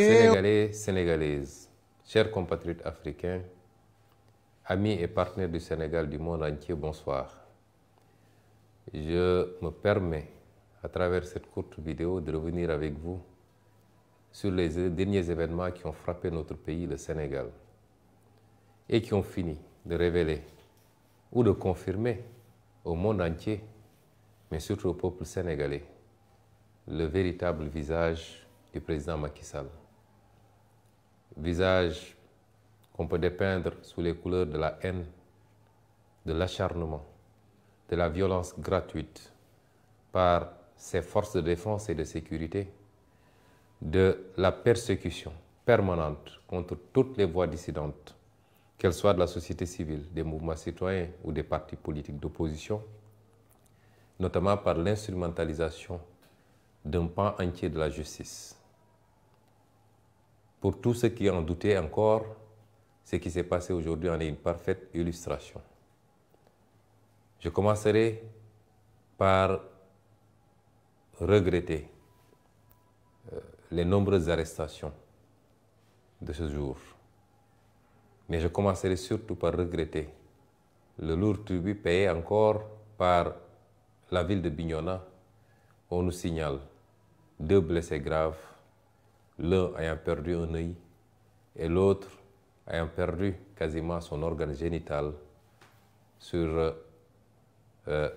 Sénégalais, Sénégalaises, chers compatriotes africains, amis et partenaires du Sénégal du monde entier, bonsoir. Je me permets, à travers cette courte vidéo, de revenir avec vous sur les derniers événements qui ont frappé notre pays, le Sénégal, et qui ont fini de révéler ou de confirmer au monde entier mais surtout au peuple sénégalais, le véritable visage du président Macky Sall. Visage qu'on peut dépeindre sous les couleurs de la haine, de l'acharnement, de la violence gratuite par ses forces de défense et de sécurité, de la persécution permanente contre toutes les voies dissidentes, qu'elles soient de la société civile, des mouvements citoyens ou des partis politiques d'opposition, notamment par l'instrumentalisation d'un pan entier de la justice. Pour tous ceux qui en doutaient encore, ce qui s'est passé aujourd'hui en est une parfaite illustration. Je commencerai par regretter euh, les nombreuses arrestations de ce jour. Mais je commencerai surtout par regretter le lourd tribut payé encore par la ville de Bignona, on nous signale deux blessés graves, l'un ayant perdu un œil et l'autre ayant perdu quasiment son organe génital sur, euh, euh,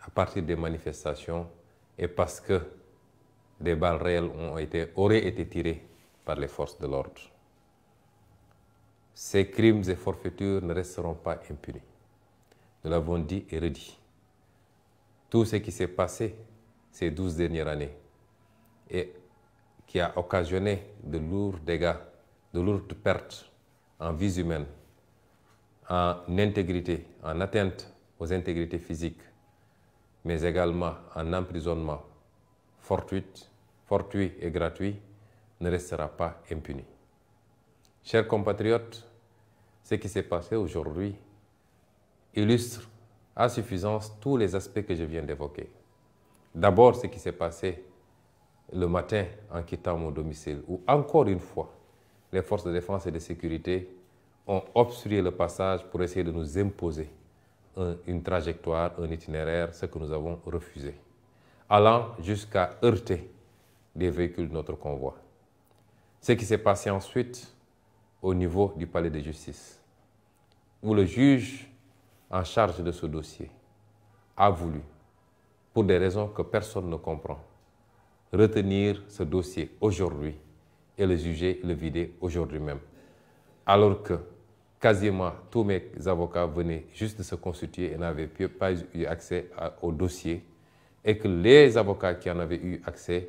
à partir des manifestations et parce que des balles réelles ont auraient été tirées par les forces de l'ordre. Ces crimes et forfaitures ne resteront pas impunis. Nous l'avons dit et redit tout ce qui s'est passé ces 12 dernières années et qui a occasionné de lourds dégâts, de lourdes pertes en vie humaine, en intégrité, en atteinte aux intégrités physiques, mais également en emprisonnement fortuit, fortuit et gratuit, ne restera pas impuni. Chers compatriotes, ce qui s'est passé aujourd'hui illustre à suffisance tous les aspects que je viens d'évoquer. D'abord, ce qui s'est passé le matin en quittant mon domicile, où encore une fois, les forces de défense et de sécurité ont obstrué le passage pour essayer de nous imposer une trajectoire, un itinéraire, ce que nous avons refusé, allant jusqu'à heurter des véhicules de notre convoi. Ce qui s'est passé ensuite au niveau du palais de justice, où le juge en charge de ce dossier a voulu, pour des raisons que personne ne comprend, retenir ce dossier aujourd'hui et le juger, le vider aujourd'hui même. Alors que quasiment tous mes avocats venaient juste de se constituer et n'avaient pas eu accès au dossier et que les avocats qui en avaient eu accès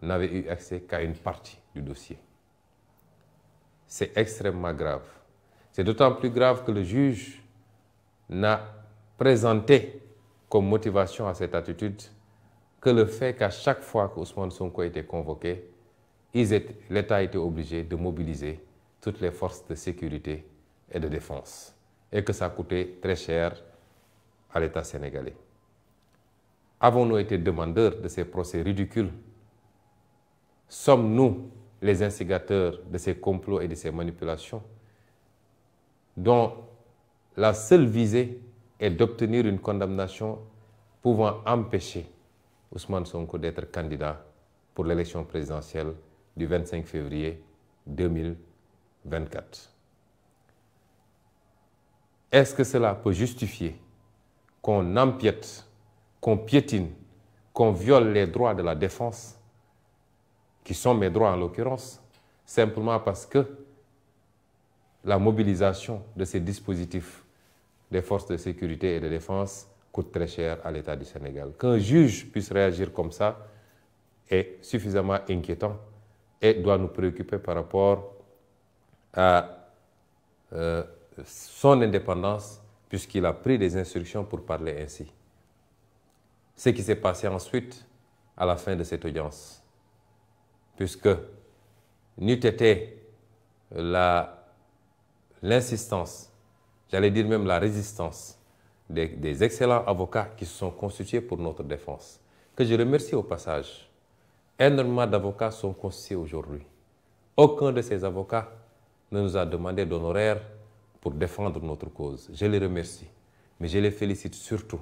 n'avaient eu accès qu'à une partie du dossier. C'est extrêmement grave. C'est d'autant plus grave que le juge n'a présenté comme motivation à cette attitude que le fait qu'à chaque fois qu'Ousmane Sonko était convoqué, l'État était obligé de mobiliser toutes les forces de sécurité et de défense, et que ça coûtait très cher à l'État sénégalais. Avons-nous été demandeurs de ces procès ridicules Sommes-nous les instigateurs de ces complots et de ces manipulations dont la seule visée est d'obtenir une condamnation pouvant empêcher Ousmane Sonko d'être candidat pour l'élection présidentielle du 25 février 2024. Est-ce que cela peut justifier qu'on empiète, qu'on piétine, qu'on viole les droits de la défense, qui sont mes droits en l'occurrence, simplement parce que la mobilisation de ces dispositifs des forces de sécurité et de défense coûtent très cher à l'État du Sénégal. Qu'un juge puisse réagir comme ça est suffisamment inquiétant et doit nous préoccuper par rapport à euh, son indépendance puisqu'il a pris des instructions pour parler ainsi. Ce qui s'est passé ensuite à la fin de cette audience, puisque n'eût été l'insistance j'allais dire même la résistance des, excellents avocats qui se sont constitués pour notre défense, que je remercie au passage. Énormément d'avocats sont constitués aujourd'hui. Aucun de ces avocats ne nous a demandé d'honoraires pour défendre notre cause. Je les remercie, mais je les félicite surtout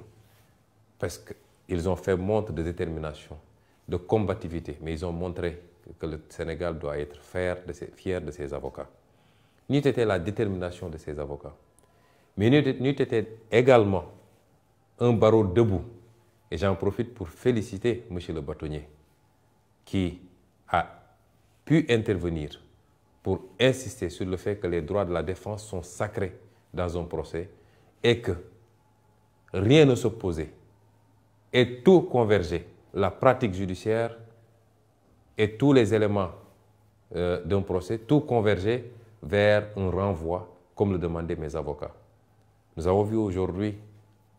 parce qu'ils ont fait montre de détermination, de combativité, mais ils ont montré que le Sénégal doit être fier de ses, de ses avocats. N'eût était la détermination de ces avocats, mais était était également un barreau debout. Et j'en profite pour féliciter M. le bâtonnier qui a pu intervenir pour insister sur le fait que les droits de la défense sont sacrés dans un procès et que rien ne s'opposait et tout convergeait. La pratique judiciaire et tous les éléments euh, d'un procès, tout convergeait vers un renvoi comme le demandaient mes avocats. Nous avons vu aujourd'hui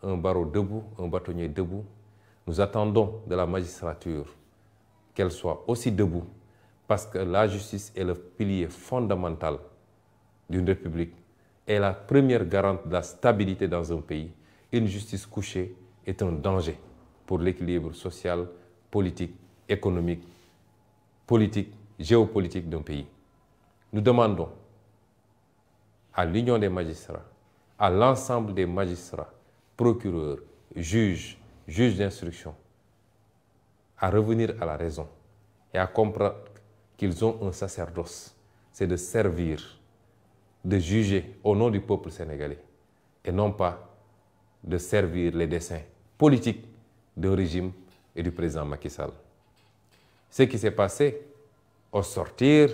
un barreau debout, un bâtonnier debout. Nous attendons de la magistrature qu'elle soit aussi debout parce que la justice est le pilier fondamental d'une république, et la première garante de la stabilité dans un pays. Une justice couchée est un danger pour l'équilibre social, politique, économique, politique, géopolitique d'un pays. Nous demandons à l'Union des magistrats à l'ensemble des magistrats, procureurs, juges, juges d'instruction, à revenir à la raison et à comprendre qu'ils ont un sacerdoce, c'est de servir, de juger au nom du peuple sénégalais et non pas de servir les desseins politiques du régime et du président Macky Sall. Ce qui s'est passé au sortir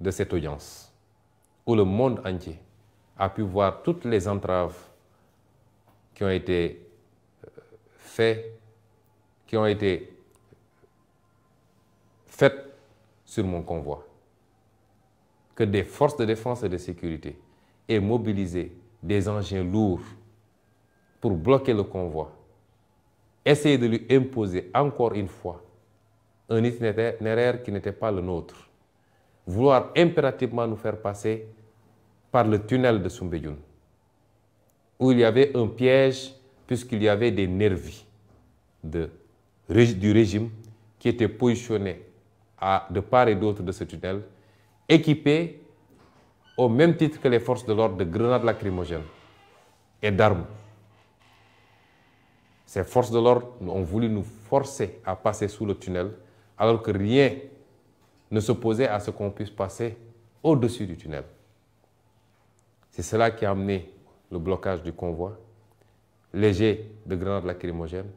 de cette audience, où le monde entier a pu voir toutes les entraves qui ont été euh, faites, qui ont été faites sur mon convoi. Que des forces de défense et de sécurité aient mobilisé des engins lourds pour bloquer le convoi, essayer de lui imposer encore une fois un itinéraire qui n'était pas le nôtre, vouloir impérativement nous faire passer par le tunnel de Sumbeyoun, où il y avait un piège puisqu'il y avait des nervis du régime qui étaient positionnés à, de part et d'autre de ce tunnel, équipés au même titre que les forces de l'ordre de grenades lacrymogènes et d'armes. Ces forces de l'ordre ont voulu nous forcer à passer sous le tunnel alors que rien ne s'opposait à ce qu'on puisse passer au-dessus du tunnel. C'est cela qui a amené le blocage du convoi, léger de grenades lacrymogènes,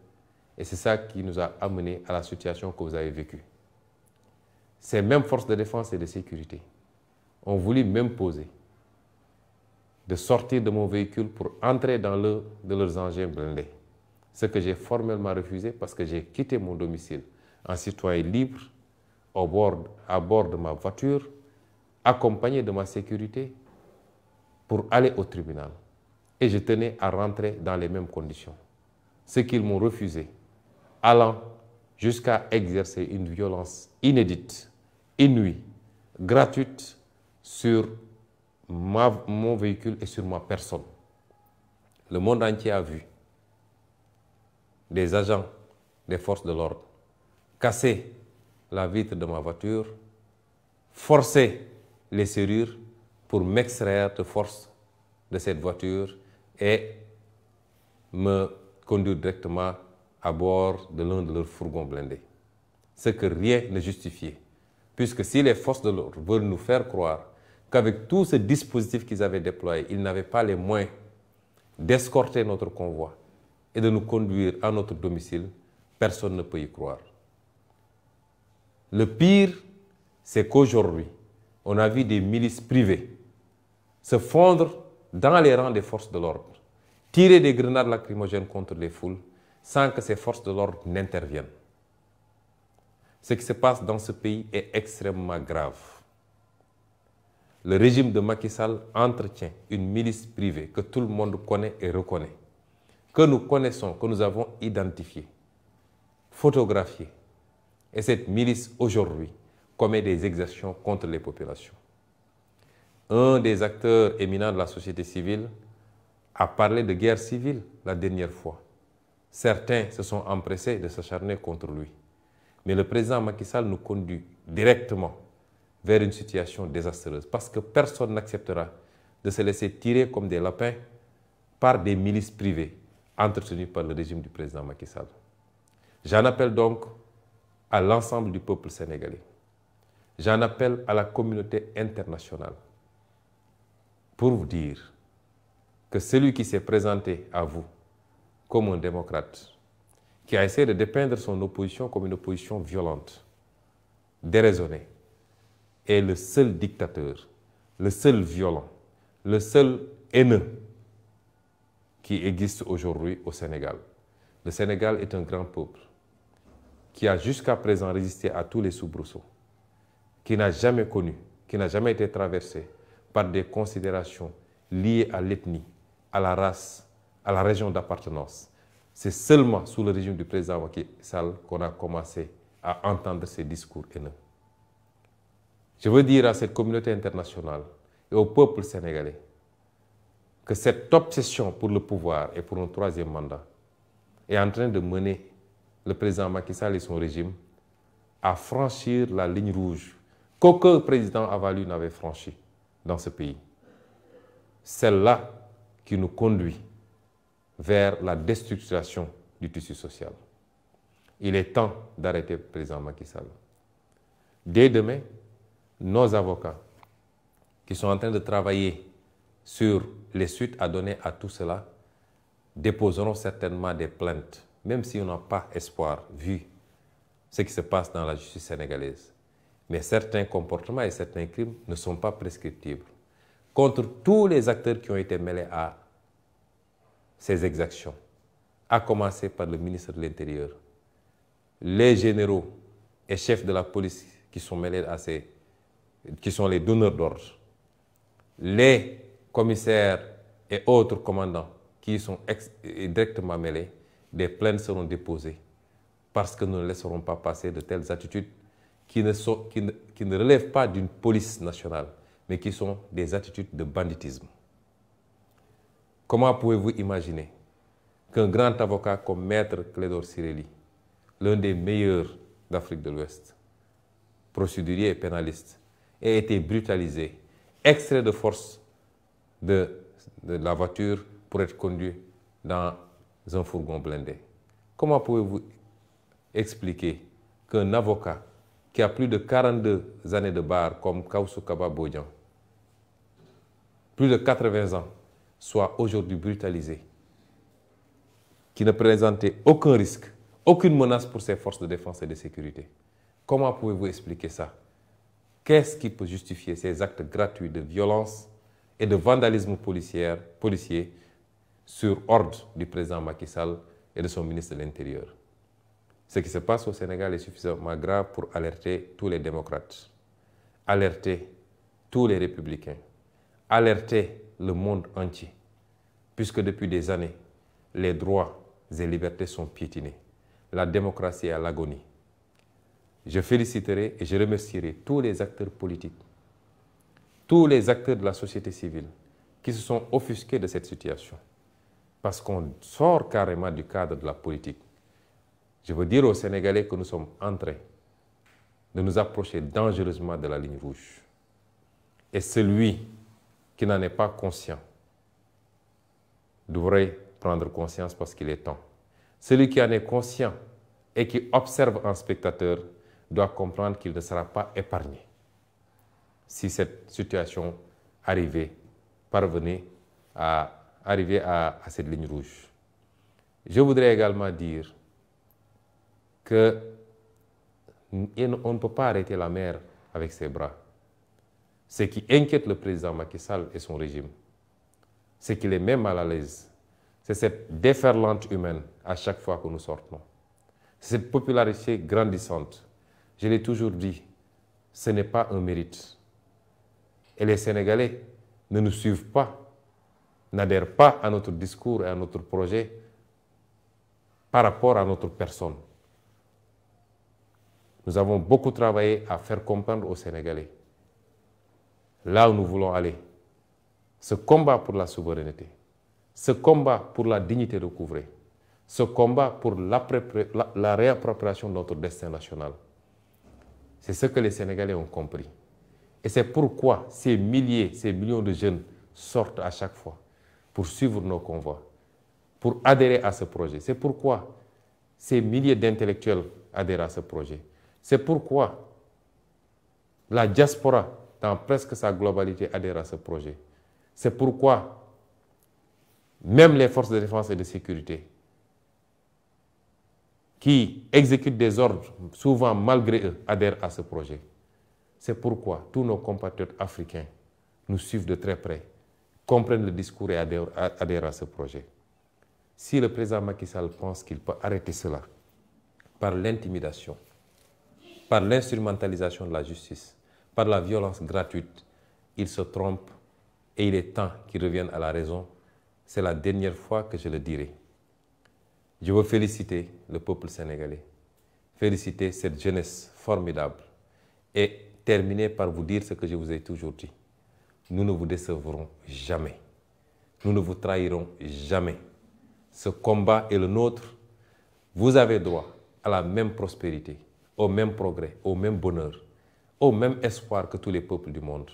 et c'est ça qui nous a amené à la situation que vous avez vécue. Ces mêmes forces de défense et de sécurité ont voulu m'imposer de sortir de mon véhicule pour entrer dans le de leurs engins blindés. Ce que j'ai formellement refusé parce que j'ai quitté mon domicile en citoyen libre, à bord de ma voiture, accompagné de ma sécurité pour aller au tribunal. Et je tenais à rentrer dans les mêmes conditions. Ce qu'ils m'ont refusé, allant jusqu'à exercer une violence inédite, inouïe, gratuite sur mon véhicule et sur ma personne. Le monde entier a vu des agents des forces de l'ordre casser la vitre de ma voiture, forcer les serrures pour m'extraire de force de cette voiture et me conduire directement à bord de l'un de leurs fourgons blindés. Ce que rien ne justifiait, puisque si les forces de l'ordre veulent nous faire croire qu'avec tout ce dispositif qu'ils avaient déployé, ils n'avaient pas les moyens d'escorter notre convoi et de nous conduire à notre domicile, personne ne peut y croire. Le pire, c'est qu'aujourd'hui, on a vu des milices privées se fondre dans les rangs des forces de l'ordre, tirer des grenades lacrymogènes contre les foules sans que ces forces de l'ordre n'interviennent. Ce qui se passe dans ce pays est extrêmement grave. Le régime de Macky Sall entretient une milice privée que tout le monde connaît et reconnaît, que nous connaissons, que nous avons identifiée, photographié. Et cette milice aujourd'hui commet des exactions contre les populations un des acteurs éminents de la société civile a parlé de guerre civile la dernière fois. Certains se sont empressés de s'acharner contre lui. Mais le président Macky Sall nous conduit directement vers une situation désastreuse parce que personne n'acceptera de se laisser tirer comme des lapins par des milices privées entretenues par le régime du président Macky Sall. J'en appelle donc à l'ensemble du peuple sénégalais. J'en appelle à la communauté internationale pour vous dire que celui qui s'est présenté à vous comme un démocrate, qui a essayé de dépeindre son opposition comme une opposition violente, déraisonnée, est le seul dictateur, le seul violent, le seul haineux qui existe aujourd'hui au Sénégal. Le Sénégal est un grand peuple qui a jusqu'à présent résisté à tous les soubresauts, qui n'a jamais connu, qui n'a jamais été traversé par des considérations liées à l'ethnie, à la race, à la région d'appartenance. C'est seulement sous le régime du président Macky Sall qu'on a commencé à entendre ces discours haineux. Je veux dire à cette communauté internationale et au peuple sénégalais que cette obsession pour le pouvoir et pour un troisième mandat est en train de mener le président Macky Sall et son régime à franchir la ligne rouge qu'aucun président avalu n'avait franchie dans ce pays. Celle-là qui nous conduit vers la déstructuration du tissu social. Il est temps d'arrêter le président Macky Sall. Dès demain, nos avocats qui sont en train de travailler sur les suites à donner à tout cela déposeront certainement des plaintes, même si on n'a pas espoir, vu ce qui se passe dans la justice sénégalaise. Mais certains comportements et certains crimes ne sont pas prescriptibles. Contre tous les acteurs qui ont été mêlés à ces exactions, à commencer par le ministre de l'Intérieur, les généraux et chefs de la police qui sont mêlés à ces, qui sont les donneurs d'ordre, les commissaires et autres commandants qui sont directement mêlés, des plaintes seront déposées parce que nous ne laisserons pas passer de telles attitudes qui ne, sont, qui ne, relèvent pas d'une police nationale, mais qui sont des attitudes de banditisme. Comment pouvez-vous imaginer qu'un grand avocat comme Maître Clédor Cirelli, l'un des meilleurs d'Afrique de l'Ouest, procédurier et pénaliste, ait été brutalisé, extrait de force de, de la voiture pour être conduit dans un fourgon blindé Comment pouvez-vous expliquer qu'un avocat qui a plus de 42 années de barre, comme Kaba Boyan, plus de 80 ans, soit aujourd'hui brutalisé, qui ne présentait aucun risque, aucune menace pour ses forces de défense et de sécurité. Comment pouvez-vous expliquer ça Qu'est-ce qui peut justifier ces actes gratuits de violence et de vandalisme policiers, policier sur ordre du président Macky Sall et de son ministre de l'Intérieur ce qui se passe au Sénégal est suffisamment grave pour alerter tous les démocrates, alerter tous les républicains, alerter le monde entier, puisque depuis des années, les droits et libertés sont piétinés. La démocratie est à l'agonie. Je féliciterai et je remercierai tous les acteurs politiques, tous les acteurs de la société civile qui se sont offusqués de cette situation, parce qu'on sort carrément du cadre de la politique je veux dire aux Sénégalais que nous sommes en train de nous approcher dangereusement de la ligne rouge. Et celui qui n'en est pas conscient devrait prendre conscience parce qu'il est temps. Celui qui en est conscient et qui observe un spectateur doit comprendre qu'il ne sera pas épargné si cette situation arrivait, parvenait à arriver à, à cette ligne rouge. Je voudrais également dire que on ne peut pas arrêter la mer avec ses bras. Ce qui inquiète le président Macky Sall et son régime, c'est qu'il est même mal à l'aise. C'est cette déferlante humaine à chaque fois que nous sortons. Cette popularité grandissante. Je l'ai toujours dit, ce n'est pas un mérite. Et les Sénégalais ne nous suivent pas, n'adhèrent pas à notre discours et à notre projet par rapport à notre personne. Nous avons beaucoup travaillé à faire comprendre aux Sénégalais là où nous voulons aller. Ce combat pour la souveraineté, ce combat pour la dignité de couvrir, ce combat pour la réappropriation de notre destin national. C'est ce que les Sénégalais ont compris. Et c'est pourquoi ces milliers, ces millions de jeunes sortent à chaque fois pour suivre nos convois, pour adhérer à ce projet. C'est pourquoi ces milliers d'intellectuels adhèrent à ce projet. C'est pourquoi la diaspora, dans presque sa globalité, adhère à ce projet. C'est pourquoi même les forces de défense et de sécurité, qui exécutent des ordres, souvent malgré eux, adhèrent à ce projet. C'est pourquoi tous nos compatriotes africains nous suivent de très près, comprennent le discours et adhèrent, à ce projet. Si le président Macky Sall pense qu'il peut arrêter cela par l'intimidation, par l'instrumentalisation de la justice, par la violence gratuite, il se trompe et il est temps qu'il revienne à la raison. C'est la dernière fois que je le dirai. Je veux féliciter le peuple sénégalais, féliciter cette jeunesse formidable et terminer par vous dire ce que je vous ai toujours dit. Nous ne vous décevrons jamais. Nous ne vous trahirons jamais. Ce combat est le nôtre. Vous avez droit à la même prospérité au même progrès, au même bonheur, au même espoir que tous les peuples du monde.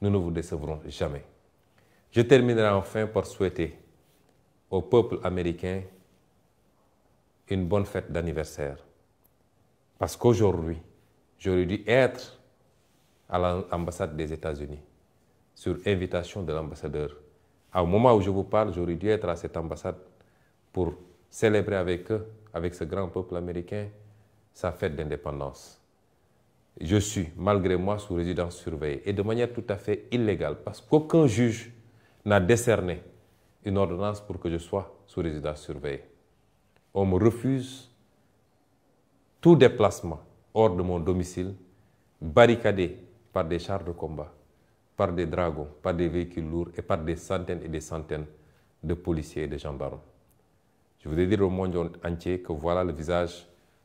Nous ne vous décevrons jamais. Je terminerai enfin par souhaiter au peuple américain une bonne fête d'anniversaire. Parce qu'aujourd'hui, j'aurais dû être à l'ambassade des États-Unis sur invitation de l'ambassadeur. Au moment où je vous parle, j'aurais dû être à cette ambassade pour célébrer avec eux, avec ce grand peuple américain, sa fête d'indépendance. Je suis, malgré moi, sous résidence surveillée et de manière tout à fait illégale parce qu'aucun juge n'a décerné une ordonnance pour que je sois sous résidence surveillée. On me refuse tout déplacement hors de mon domicile, barricadé par des chars de combat, par des dragons, par des véhicules lourds et par des centaines et des centaines de policiers et de gendarmes. Je voudrais dire au monde entier que voilà le visage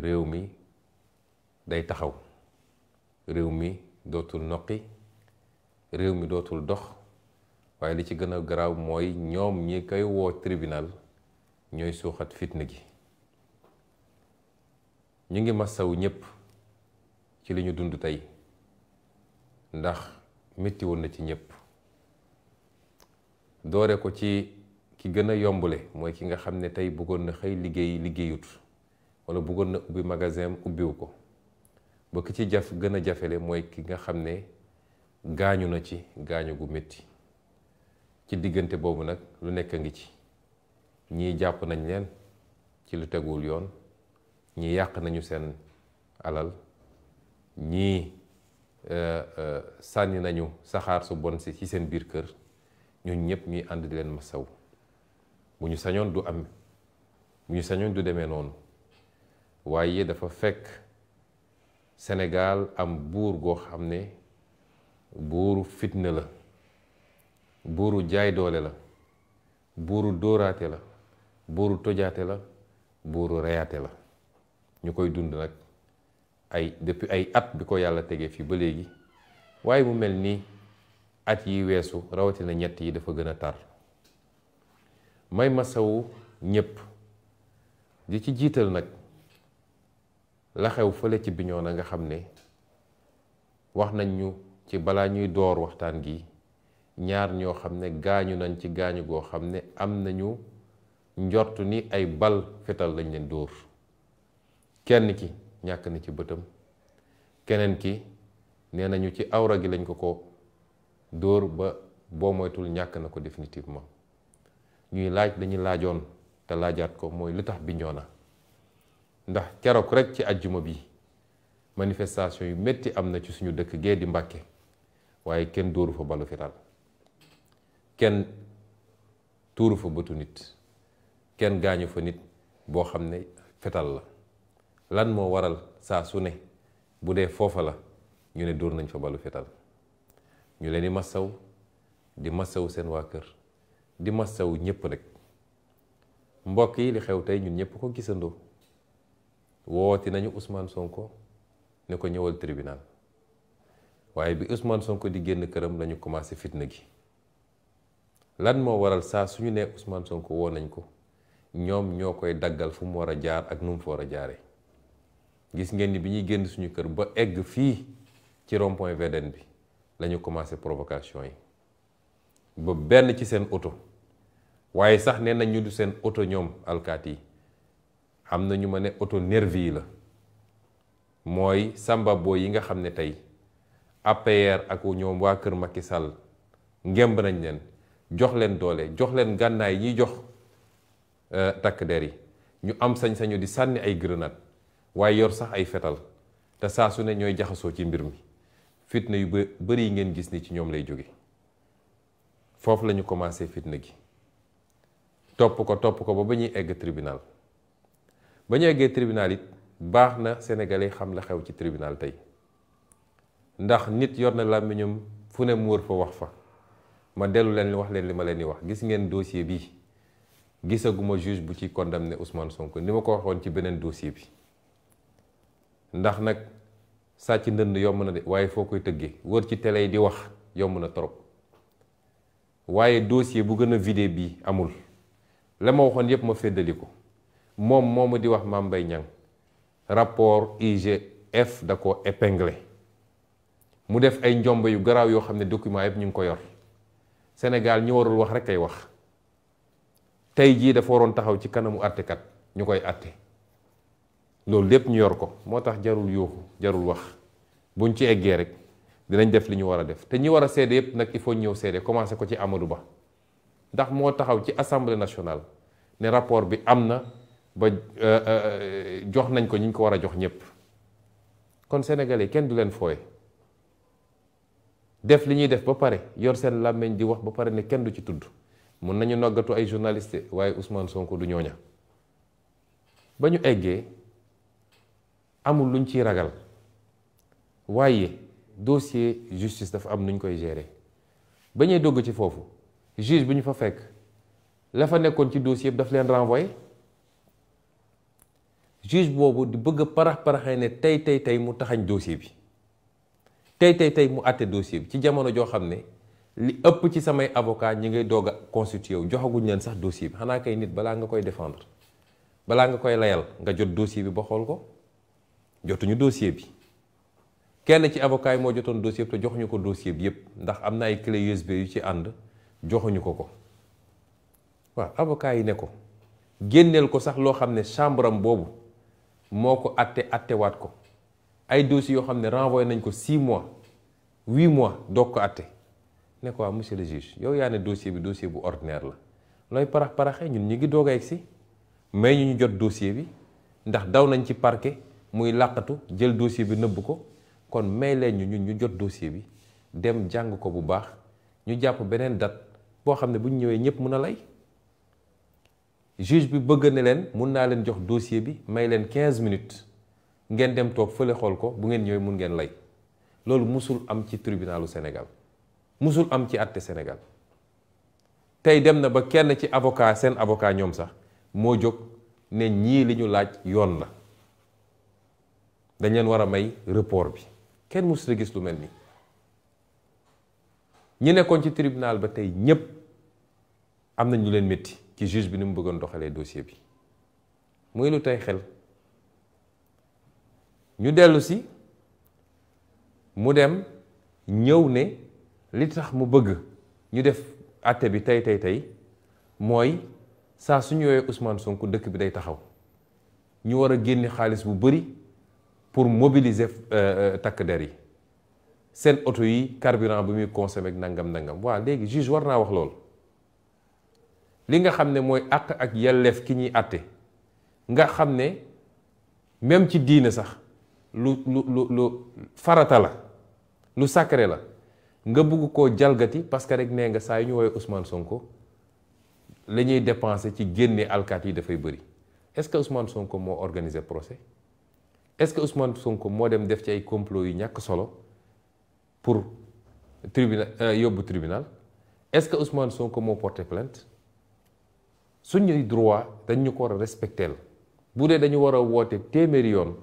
réew mi day taxaw réew mi dootul noqi réew mi dootul dox waaye li ci gën a garaaw mooy ñoom ñi koy woo tribunal ñooy suuxat fitna gi ñu ngi masaw ñépp ci li ñu dund tey ndax metti woon na ci ñépp doore ko ci ki gën a yombule mooy ki nga xam ne tey bëggoon na xëy liggéey liggéeyut wala bëggoon na ubbi magasin ubbiwu ko ba ki ci jaf gën a jafele mooy ki nga xam ne gaañu na ci gaañu gu metti ci diggante boobu nag lu nekk a ngi ci ñii jàpp nañ leen ci lu teguwul yoon ñii yàq nañu seen alal ñii euh, euh, sànni nañu saxaar su bon si ci seen biir kër ñun ñëpp ñuy ànd di leen masaw bu ñu sañoon du am bu ñu sañoon du demee noonu waaye dafa fekk senegaal am buur goo xam ne buuru fitna la buuru jaay doole la buuru dóoraate la buuru tojaate la buuru reyaate la ñu koy dund nag ay depuis ay at bi ko yàlla tegee fii ba léegi waaye mu mel nii at yi weesu rawatina ñett yi dafa gën a tar may ma masawu ñépp di ci jiital nag la xew fële ci Bignona nga xam ne wax nañ ñu ci balaa ñuy door waxtaan gi ñaar ñoo xam ne gaañu nañ ci gaañu goo xam ne am nañu njort ni ay bal fetal lañ leen dóor kenn ki ñàkk na ci bëtam keneen ki nee nañu ci awra gi lañ ko ko dóor ba boo moytul ñàkk na ko définitivement ñuy laaj dañuy laajoon te laajaat ko mooy lu tax Bignona ndax keroog rekk ci ajjuma bi manifestation yu métti am na ci suñu dëkk gee di Mbàkke waaye kenn dóoru fa balu fetal kenn tuuru fa bëtu nit kenn gaañu fa nit boo xam ne fetal la lan moo waral saa su ne bu dee foofa la ñu ne dóor nañ fa balu fetal ñu leen di massaw di massaw seen waa kër di massaw ñëpp rek mbokk yi li xew tey ñun ñëpp ko gisandoo woti nañu Ousmane Sonko ne ko ñewal tribunal waye bi Ousmane Sonko di genn kërëm lañu commencé fitna gi lan mo waral sa suñu ne Ousmane Sonko wo nañ ko ñom ñokoy daggal fu mu wara jaar ak nu mu fa war a gis ngeen ni biñuy genn suñu kër ba egg fi ci rond point VDN bi lañu commencé provocation yi ba benn ci seen auto waye sax nee nañu du seen auto ñom alkati am na ñu ma ne auto nervi la mooy Samba yi nga xam ne tey APR ak ñoom waa kër Macky sàll ngemb nañ leen jox leen doole jox leen gànnaay yi jox euh, takk der yi ñu am sañ-sañu di sànni ay grenade waaye yor sax ay fetal te saa su ne ñooy jaxasoo ci mbir mi fitna yu bëri yi ngeen gis ni ci ñoom lay jóge foofu lañu ñu commencé fitna gi topp ko topp ko ba ba ñuy egg tribunal ba ñu eggee tribunal it baax na sénégalais xam la xew ci tribunal tey ndax nit yor na làmmiñam fu ne mu wër fa wax fa ma dellu leen wax leen li ma leen di wax gis ngeen dossier bi gisaguma juge bu ci condamné Ousmane sonk ni ma ko waxoon ci beneen dossier bi ndax nag sàcc ndënd yomb na de waaye foo koy tëggee wër ci tele yi di wax yomb na trop waaye dossier bu gën a vidé bii amul la ma waxoon yépp ma féddali ko moom moomu di wax Mame Mbaye Niang rapport IGF da ko épinglé mu def ay njombe yu garaaw yoo xam ne document yëpp ñu ngi ko yor Sénégal ñu warul wax rek ay wax tey jii dafa waroon taxaw ci kanamu àttekat ñu koy àtte loolu lépp ñu yor ko moo tax jarul yuuxu jarul wax buñ ci eggee rek dinañ def li ñu war a def te ñi war a seede yëpp nag il faut ñëw seede commencé ko ci Amadou Ba ndax moo taxaw ci assemblée nationale ne rapport bi am na ba euh, euh, jox nañ ko ko war a jox ñëpp kon sénégalais kenn du leen pas def li ñuy def ba pare yor di wax ba ne kenn du ci tudd mun nañu ay journaliste waaye Ousmane Sonko du ñooña ba ñu amul luñ ciy ragal dossier justice dafa am nuñ koy gérer ba ci juge bi fa fekk la fa nekkoon ci dossier daf leen renvoyé juge boobu di bëgg a parax paraxee ne tey tey tey mu taxañ dossier bi tey tey tey mu àtte dossier bi ci jamono joo xam ne li ëpp ci samay avocat ñi ngay doog a joxaguñ leen sax dossier bi xanaa kay nit balaa nga koy defendre balaa nga koy layal nga jot dossier bi ba xool ko jotuñu dossier bi kenn ci avocat yi moo jotoon dossier bi te joxuñu ko dossier bi yépp ndax am na ay clé USB yu ci ànd joxuñu ko ko waaw avocat yi ne ko génneel ko sax loo xam ne chambre boobu. moo ko atte attewaat ko ay dossiers yoo xam ne renvoyé nañ ko si mois huit mois doog ko atte ne ko waa monsieur le juge yow yaa ne dossier bi dossier bu ordinaire la looy parax paraxee ñun ñu ngi doog a egsi may ñu ñu jot dossier bi ndax daw nañ ci parquet muy làqatu jël dossier bi nëbbu ko kon may leen ñu ñun ñu jot dossier bi dem jàng ko bu baax ñu jàpp beneen date boo xam ne buñ ñëwee ñëpp mën a lay. juge bi bëgg ne leen mun naa leen jox dossier bi may leen quinze minutes ngeen dem toog fële xool ko bu ngeen ñëwee mun ngeen lay loolu mosul am ci tribunalu senegal mosul am ci àtte Sénégal tey dem na ba kenn ci avocat seen avocat ñoom sax moo jóg ne ñii li ñu laaj yoon la dañ leen war a may report bi kenn musul gis lu mel ni ñi nekkoon ci tribunal ba tey ñépp am na ñu leen métti ci juge bi ni mu bëggoon doxalee dossier bi muy lu tey xel ñu dellu si mu dem ñëw ne li tax mu bëgg ñu def àtte bi tey tey tey mooy saa su ñu woowee Ousmane dëkk bi day taxaw ñu war a génne xaalis bu bëri pour mobiliser euh, euh, takk der yi seen oto yi carburant bi muy consommé ak nangam nangam waa léegi juge war naa wax loolu li nga xam ne mooy àq ak yelleef ki ñuy àtte nga sais que, même ci diine sax lu lu lu farata la lu sacré la nga bugg koo jalgati parce que rek nee nga saa ñu Ousmane Sonko la ñuy dépenser ci génne alkaat yi dafay bëri est-ce que Ousmane Sonko moo organisé procès est-ce que Ousmane Sonko moo dem def ci ay complot yu ñàkk solo pour tribunal euh, yóbbu tribunal est-ce que Ousmane Sonko moo porté plainte suñuy droit dañ ñu ko wara a bu dé dañu wara woté témér yoon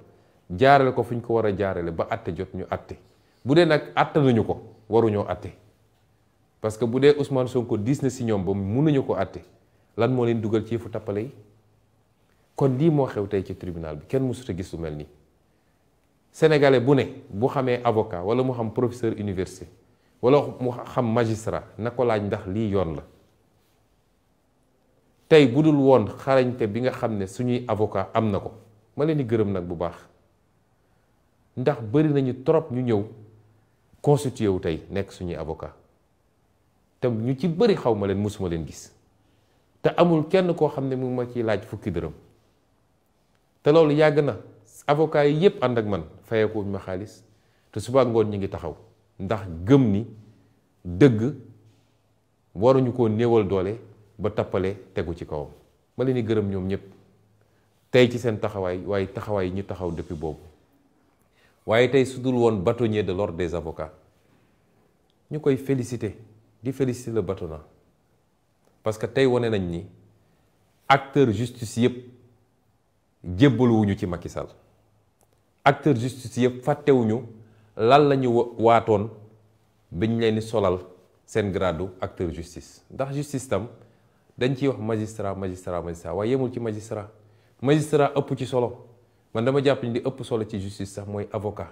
jaarale ko fuñ ko wara jaarale ba atte jot ñu atte bu dé nak atte nañu ko ñoo atte parce que bu dé Ousmane Sonko dis na si ñom ba ñu ko atte lan mo leen dugal ci fu tapalé kon li mo xew tay ci tribunal bi kèn mësut a gis lu melni sénégalais bu né bu xamé avocat wala mu xam professeur université wala mu xam magistrat nako laaj ndax li yoon la tey bu dul woon xarañte bi nga xam ne suñuy aboka am na ko ma leen di gërëm nag bu baax ndax bëri nañu trop ñu ñëw constitué wu tey nekk suñuy aboka te ñu ci bëri xaw ma leen mosuma leen gis te amul kenn koo xam ne mu ma ciy laaj fukki dërëm te loolu yàgg na avocat yi yépp ànd ak man fayeekuuñ ma xaalis te suba ngoon ñu ngi taxaw ndax gëm ni dëgg waruñu koo néewal doole ba tappale tegu ci kawam ma leen gërëm ñoom ñëpp tey ci seen taxawaay waaye taxawaay yi ñu taxaw depuis boobu waaye tey su dul woon bâtonnier de l'ordre des avocats ñu koy félicité di féliciter le bâtonnat parce que tey wane nañ ni acteur justice yëpp jébbaluwuñu ci Macky Sall acteur justice yëpp fàttewuñu lan la ñu waatoon biñ leen di solal seen gradu acteur justice ndax justice tam dañ ciy wax magistrat magistrat magistrat waaye yemul ci magistrat magistrat ëpp ci solo man dama jàpp ni di ëpp solo ci justice sax mooy avocat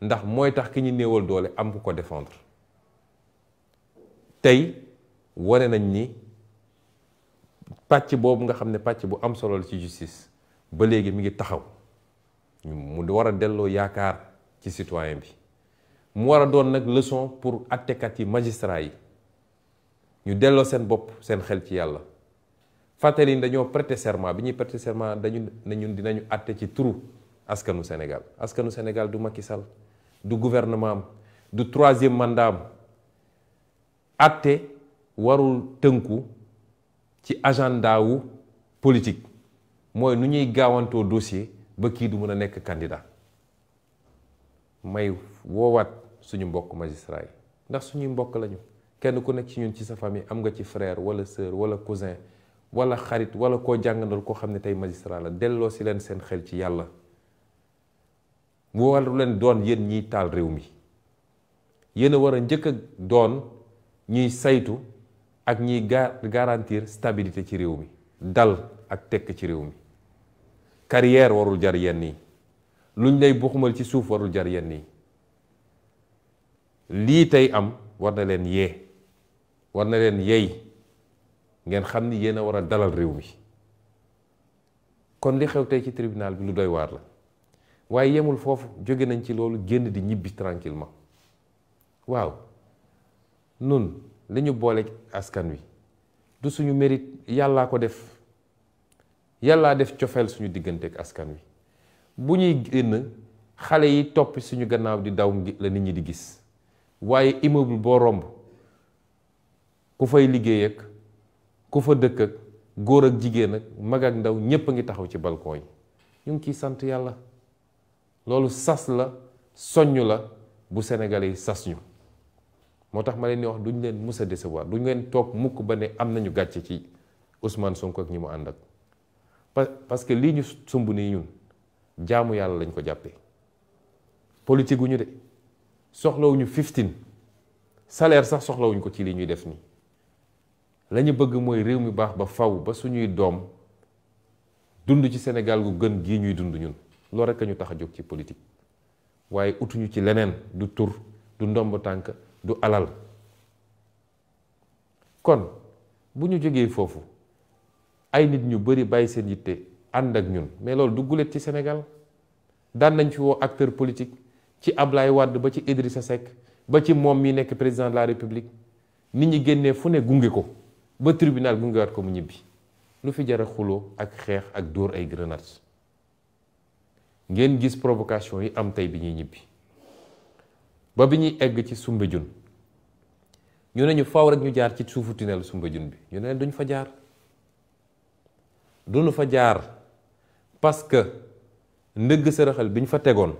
ndax mooy tax ki ñu néewal doole am ku ko défendre tey wane nañ ni pàcc boobu nga xam ne pàcc bu am solo la ci justice ba léegi mi ngi taxaw mu war a delloo yaakaar ci citoyen bi mu war a doon nag leçon pour àttekat yi magistrat yi ñu delloo seen bopp seen xel ci yàlla fàttali ni dañoo prêter serment bi ñuy prêter serment dañu ne ñun dinañu àtte ci turu askanu Sénégal askanu Sénégal du Macky Sall du gouvernement am du troisième mandat am àtte warul tënku ci agenda wu politique mooy nu ñuy gaawantoo dossier ba kii du mën a nekk candidat may woowaat suñu mbokk magistrat yi ndax suñuy mbokk lañu kenn ku nekk ci ñun ci sa famille am nga ci frère wala sœur wala cousin wala xarit wala koo jàngandal koo xam ne tey magistrat la delloo si leen seen xel ci yàlla mu waru leen doon yéen ñiy taal réew mi yéen a war a njëkk a doon ñuy saytu ak ñiy ga garantir stabilité ci réew mi dal ak tekk ci réew mi carrière warul jar yenn yi luñ lay buxumal ci suuf warul jar yenn yi lii tey am war na leen yee war na leen yey ngeen xam ni yéen a war a dalal réew mi kon li xew tey ci tribunal bi lu doy waar la waaye yemul foofu jóge nañ ci loolu génn di ñibbi tranquillement waaw nun li ñu boole askan wi du suñu mérite yàllaa ko def yàllaa def cofeel suñu diggante askan wi bu ñuy génn xale yi topp suñu gannaaw di daw la nit ñi di gis waaye immeuble boo romb ku fay liggéey ak ku fa dëkk ak góor ak jigéen ak mag ak ndaw ñépp a ngi taxaw ci balcon yi ñu ngi ciy sant yàlla loolu sas la soññ la bu sénégalais yi sas ñu moo tax ma leen di wax duñ leen mus a décevoir duñ leen toog mukk ba ne am nañu gàcce ci Ousmane Sonko ak ñi mu ànd ak parce que lii ñu sumb nii ñun jaamu yàlla lañ ko jàppee politique de soxlawuñu 15 salaire sax soxlawuñ ko ci lii ñuy def nii la bëgg mooy réew mi baax ba faw ba suñuy doom dund ci senegal gu gën gii ñuy dund ñun loolu rek ñu tax a jóg ci politique waaye utuñu ci leneen du tur du ndomb tànk du alal kon bu ñu jógee foofu ay nit ñu bari bàyyi seen yitte ànd ak ñun mais loolu du guléet ci senegal daan nañ fi woo acteur politique ci Ablaye wàdd ba ci Idrissa Seck ba ci moom mi nekk président de la République nit ñi génnee fu ne gunge ko ba tribunal gunge waat ko mu ñibbi lu fi jara xuloo ak xeex ak dóor ay grenades ngeen gis provocation yi am tey bi ñuy ñibbi ba bi ñuy egg ci Soumbédioune ñu ne ñu faw rek ñu jaar ci suufu tunnel Soumbédioune bi ñu ne duñ fa jaar duñu fa jaar parce que ndëgg sërëxal bi ñu fa tegoon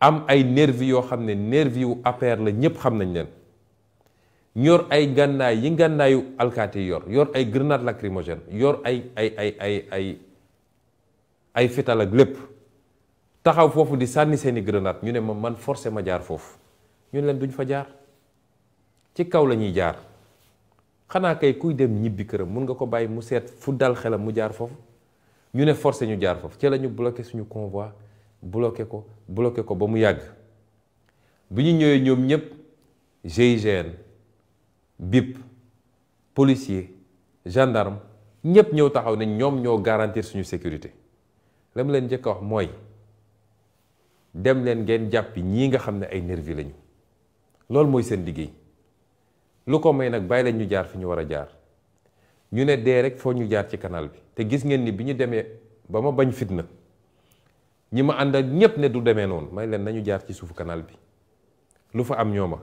am ay nervi yoo xam ne nervi wu APR la ñépp xam nañ leen yor ay gànnaay yi gànnaayu alkaati yor yor ay grenade lacrymogène yor ay ay ay ay ay ay fital ak lépp taxaw foofu di sànni seeni grenade ñu ne ma man forcé ma jaar foofu ñu ne leen duñ fa jaar ci kaw la ñuy jaar xanaa kay kuy ñibbi këram mun nga ko bàyyi mu seet fu dal xelam mu jaar foofu ñu ne forcé ñu jaar foofu ci la ñu suñu convoi bloqué ko bloqué ko ba mu yàgg bi ñu ñëwee ñoom ñëpp GIGN bip policier gendarme ñëpp ñëw taxaw ne ñoom ñoo garantir suñu sécurité la leen njëkk a wax mooy dem leen ngeen jàpp ñii nga xam ne ay nervi lañu loolu mooy seen liggéey lu ko may nag bàyyi leen ñu jaar fi ñu war a jaar ñu ne dee rek foo ñu jaar ci kanaal bi te gis ngeen ni bi ñu demee ba ma bañ fitna ñi ma àndal ñëpp ne du demee noonu may leen nañu jaar ci suufu kanaal bi lu fa am ñooma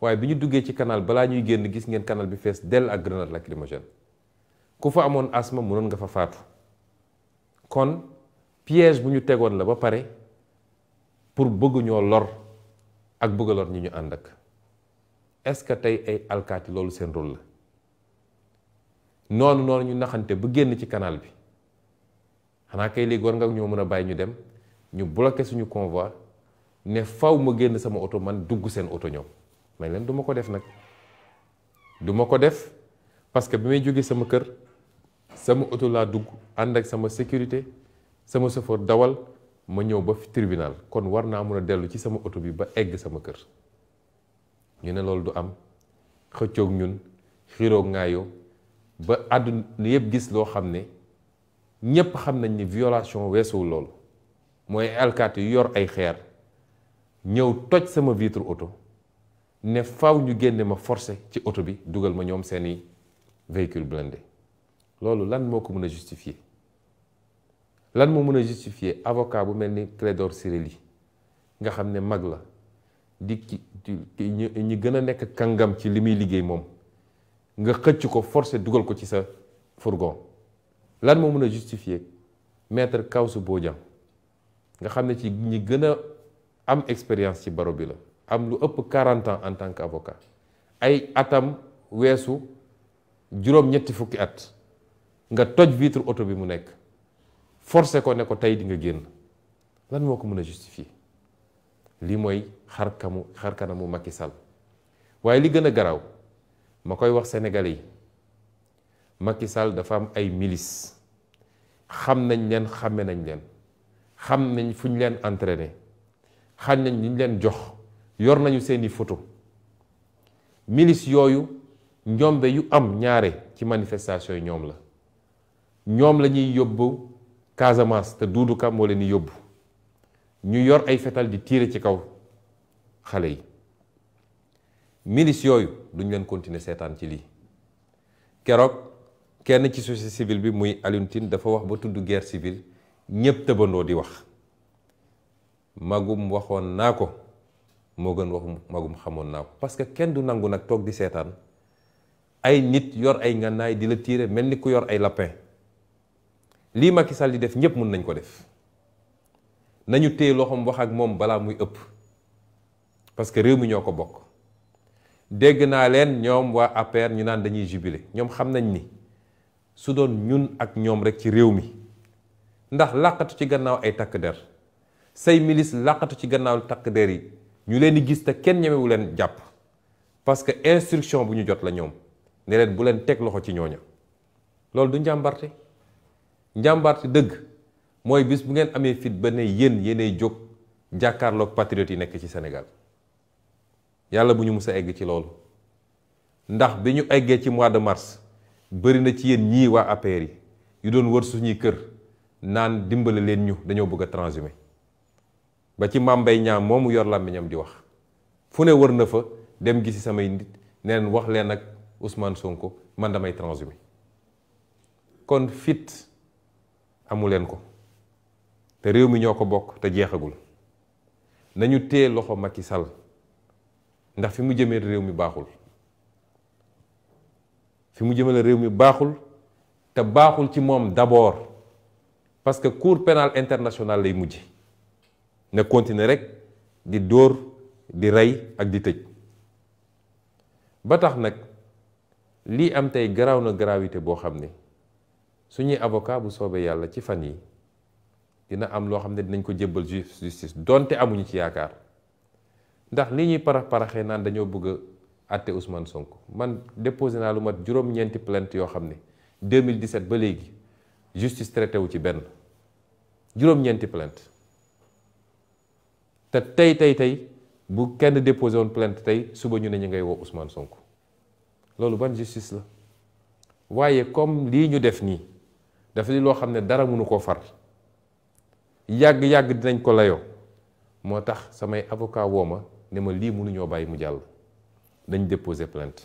waaye bi ñu duggee ci canal balaa ñuy génn gis ngeen canal bi fees dell ak grenade lacrymogène ku fa amoon asma mënoon nga fa faatu kon piège bu ñu tegoon la ba pare pour bëgg lor ak bëgg a lor ñu ànd ak est-ce que tey ay alkaati loolu seen rôle la noonu noonu ñu naxante ba génn ci kanaal bi xanaa kay léegi war nga ñoo mën a bàyyi ñu dem ñu bloqué suñu convoi ne faw ma génn sama oto man dugg seen oto ñëw may leen duma ko def nag duma ko def parce que bi may jógee sama kër sama oto laa dugg ànd ak sama sécurité sama chauffeur dawal ma ñëw ba fi kon war naa mën a dellu ci sama oto bi ba egg sama kër ñu ne loolu du am xëccoog ñun xiroog ngaayoo ba àdduna yëpp gis loo xam ne ñépp xam nañ ni violation weesuwul loolu mooy alkaati yu yor ay xeer ñëw toj sama vitre oto ne faw ñu génne ma forcé ci oto bi dugal ma ñoom seeni véhicule blindé loolu lan moo ko mën a justifier lan moo mën a justifier avocat bu mel ni Clédor Ciré li nga xam ne mag la di ci ñi gën a nekk kàngam ci li muy liggéey moom nga xëcc ko forcé dugal ko ci sa fourgon lan moo mën a justifier kaw Kawsu Bojang nga xam ne ci ñi gën a am expérience ci baro bi la am lu ëpp 40 ans en tant qu'avocat ay atam weesu juróom-ñetti fukki at nga toj vitre oto bi mu nekk forcé ko ne ko tey dinga génn lan moo ko mën a justifier lii mooy xar kamu xar kanamu Macky Sall waaye li gën a garaaw ma koy wax sénégalais yi Macky Sall dafa am ay milis xam nañ leen xàmme nañ leen xam nañ fu ñu leen entraîné xam nañ li leen jox. yor nañu seeni photo milice yooyu njombe yu am ñaare ci manifestation yi ñoom la ñoom la ñuy yóbbu Casamance te Doudou Ka moo leen di yóbbu ñu yor ay fetal di tiire ci kaw xale yi milice yooyu duñ leen continuer seetaan ci lii keroog kenn ci société civile bi muy Alioune dafa wax ba tudd guerre civile ñépp tëbandoo di wax magum waxoon naa ko moo gën waxu magum xamoon naa ko parce que kenn du nangu nag toog di seetaan ay nit yor ay ngannaay di la tiire mel ni ku yor ay lapin lii Macky Sall di def ñëpp mun nañ ko def nañu téye loxoom wax ak moom balaa muy ëpp parce que réew mi ñoo ko bokk dégg naa leen ñoom waa APR ñu naan dañuy jubilé ñoom xam nañ ni su doon ñun ak ñoom rek ci réew mi ndax làqatu ci gannaaw ay takk der say milice làqatu ci gannaaw takk der yi ñu leen di gis te kenn ñemewu leen jàpp parce que instruction bu ñu jot la ñoom ne bu leen teg loxo ci ñooña loolu du njàmbarte njàmbarte dëgg mooy bis bu ngeen amee fit ba ne yéen yéenay jóg jàkkaarloog patriotes yi nekk ci Sénégal yàlla bu ñu mus a egg ci loolu ndax bi ñu eggee ci mois de mars bëri na ci yéen ñii waa APR yi yu doon wër suñuy kër naan dimbale leen ñu dañoo bëgg a transhumé ba ci mambay Mbaye suis yor làmmiñam di wax fune ne wër na fa dem ci samay nit neen wax leen ak Ousmane Sonko man damay kon fit amu ko te mi te jeexagul nañu loxo ndax fi d'abord parce que cour pénale internationale lay na continuer rek di dóor di rey ak di tëj ba tax nag lii am tey garaaw na gravité boo xam ne suñuy avocat bu soobee yàlla ci fan yi dina am loo xam ne dinañ ko jébbal justice donte amuñu ci yaakaar ndax lii ñuy parax paraxee naan dañoo bëgg a àtte Ousmane sonk man déposé naa lu mat juróom-ñeenti plainte yoo xam ne 2017 ba léegi justice traité wu ci benn juróom-ñeenti plainte te tey tey tey bu kenn déposé woon plainte tey suba ñu ne ñu ngay woo Ousmane Sonko loolu ban justice la waaye comme lii ñu def nii dafa di loo xam ne dara mënu koo far yàgg-yàgg dinañ ko layoo moo tax samay avocat woo ma ne ma lii mënuñoo bàyyi mu jàll dañ déposé plainte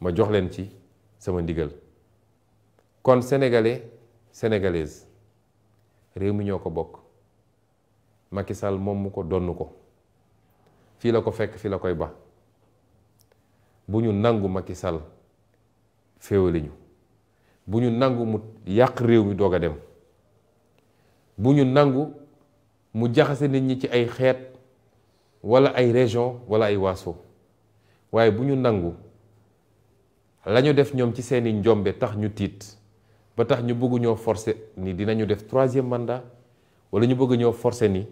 ma jox leen ci sama ndigal kon sénégalais sénégalaise réew mi ñoo ko bokk Macky Sall moom mu ko donn ko fii la ko fekk fii la koy ba bu ñu nangu Macky Sall féewale ñu bu ñu nangu mu yàq réew mi doog a dem bu ñu nangu mu jaxase nit ñi ci ay xeet walla ay région wala ay waaso waaye bu ñu nangu lañu def ñoom ci seeni njombe tax ñu tiit ba tax ñu bëgg ñoo forcer ni dinañu def troisième mandat wala ñu bëgg ñoo forcer ni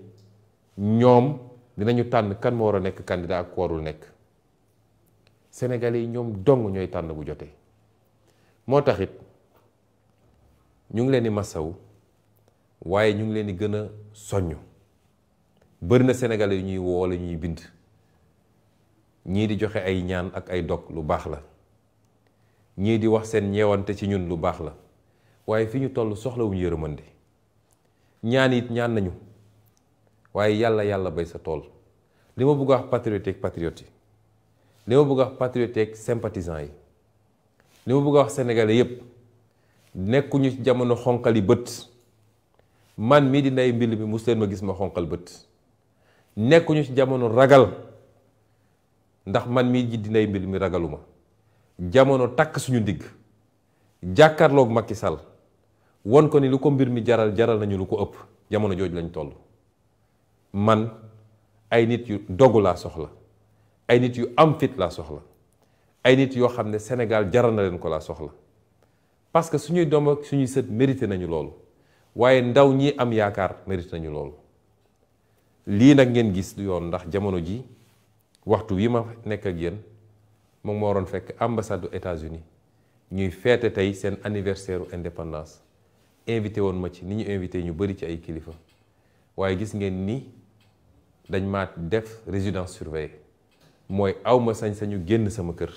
ñoom dinañu tànn kan moo war a nekk candidat ak warul nekk Sénégalais yi dong ñooy tànn bu jotee moo taxit nyungleni ñu ngi leen di masawu waaye ñu ngi leen di gën a soññ bëri na Sénégalais ñuy woo wala ñuy bind ñii di joxe ay ñaan ak ay dog lu baax la ñii di wax seen ñeewante ci ñun lu baax la waaye fi ñu toll soxlawuñu yërëmande ñaan it ñaan nañu waaye yàlla yàlla bay sa tool li ma bëgg a wax patriote ak patriote yi li ma bëgg a wax ak sympathisant yi li ma bëgg a wax sénégalais yépp nekkuñu ci jamono xonqali bët man mii di nday mbill mi mus leen ma gis ma xonqal bët nekkuñu ci jamono ragal ndax man mii ji di nday mbill mi ragaluma jamono takk suñu ndigg jàkkaarloog Macky Sall won ko ni lu ko mbir mi jaral jaral nañu lu ko ëpp jamono jooju lañ toll man ay nit yu dogu laa soxla ay nit yu am fit laa soxla ay nit yoo xam ne Sénégal jaral na leen ko laa soxla parce que suñuy dom ak suñuy sët mérité nañu loolu waaye ndaw ñi am yaakaar mérité nañu loolu lii nag ngeen gis du yoon ndax jamono ji waxtu wi ma nekk ak yéen moom moo waroon fekk ambassade du États-Unis ñuy feete tey seen anniversaire indépendance invité woon ma ci ni ñu invité ñu bëri ci ay kilifa waaye gis ngeen nii dañ ma def résidence surveillée mooy awma sañ-sañu génn sama kër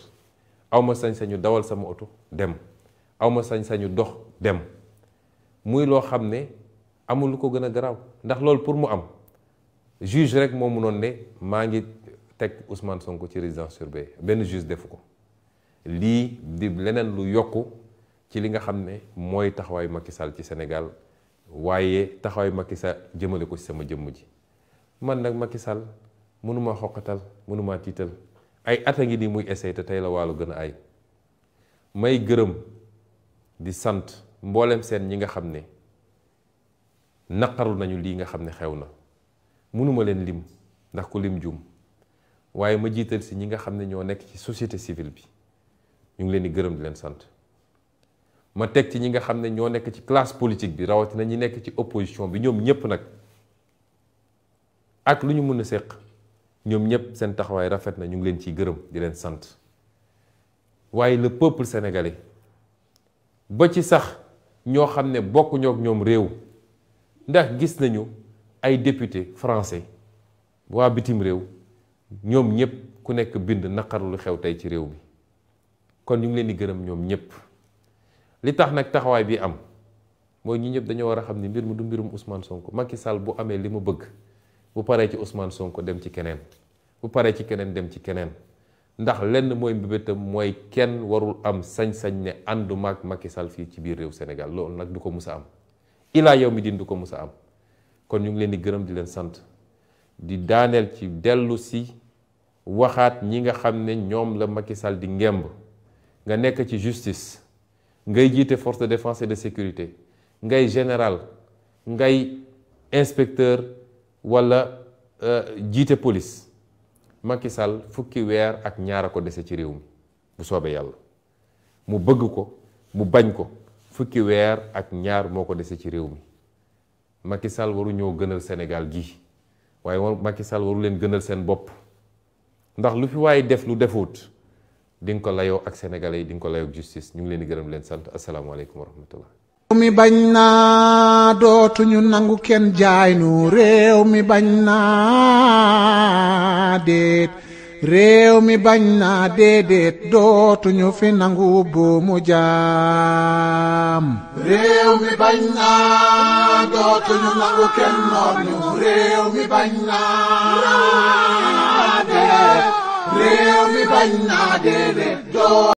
awma sañ-sañu dawal sama oto dem awma sañ-sañu dox dem muy loo xam ne amul lu ko gën a garaaw ndax loolu pour mu am juge rek moo mënoon ne maa ngi teg Ousmane Sonko ci résidence surveillée benn juge defu ko lii di leneen lu yokku ci li nga xam moy taxaway Macky Sall ci Sénégal wayé taxaway Macky Sall jëmele ko ci sama jëm ji man nak Macky Sall mënuma xoqatal mënuma tital ay atta ngi nii muy essay te tay la walu gëna ay may gërëm di sante seen ñi nga naqaru nañu li nga xewna na mënuma len lim ndax ku lim jum waaye ma jiital si ñi nga xam ño nek ci société civile bi ñu ngi leen di di leen sant ma teg ci ñi nga xam ne ñoo nekk ci classe politique bi rawatina ñi nekk ci opposition bi ñoom ñëpp nag ak lu ñu mën a séq ñoom ñëpp seen taxawaay rafet na ñu ngi leen ciy gërëm di leen sant waaye le peuple sénégalais ba ci sax ñoo xam ne bokkuñoo ak ñoom réew ndax gis nañu ay député français waa bitim réew ñoom ñëpp ku nekk bind naqaru lu xew tey ci réew mi kon ñu ngi leen di gërëm ñoom ñëpp. li tax nag taxawaay bii am mooy ñi ñëpp dañoo war a xam ni mbir mu du mbirum usmaan Sonko Macky Sall bu amee li mu bëgg bu paree ci Ousmane Sonko dem ci keneen bu paree ci keneen dem ci keneen ndax lenn mooy mbébétam mooy kenn warul am sañ-sañ ne ànduma ak Macky Sall fii ci biir réew senegal loolu nag du ko mus a am ilaa yow mi din du ko mus a am kon ñu ngi leen di gërëm di leen sant di daaneel ci dellu si waxaat ñi nga xam ne ñoom la Macky Sall di ngemb nga nekk ci justice ngay jiite force de défense et de sécurité ngay général ngay inspecteur ou euh, jiite police Macky fukki ak ko ci bu mu bëgg ko mu bañ ko fukki ak ñaar ci réew mi waru ñoo gënal Sénégal waru gënal lu fi def lu ding ko layo ak sénégalais ding ko layo ak justice ñu ngi leen di gërëm leen sant alaykum wa rahmatullah mi bañ dootu ñu nangu kenn jaay nu réew mi bañ na deet réew mi bañ naa déedéet ñu fi nangu buumu jaam réew mi bañ dootu ñu nangu kenn noor ñu réew mi bañ na deet réew mi bañ naa déedéet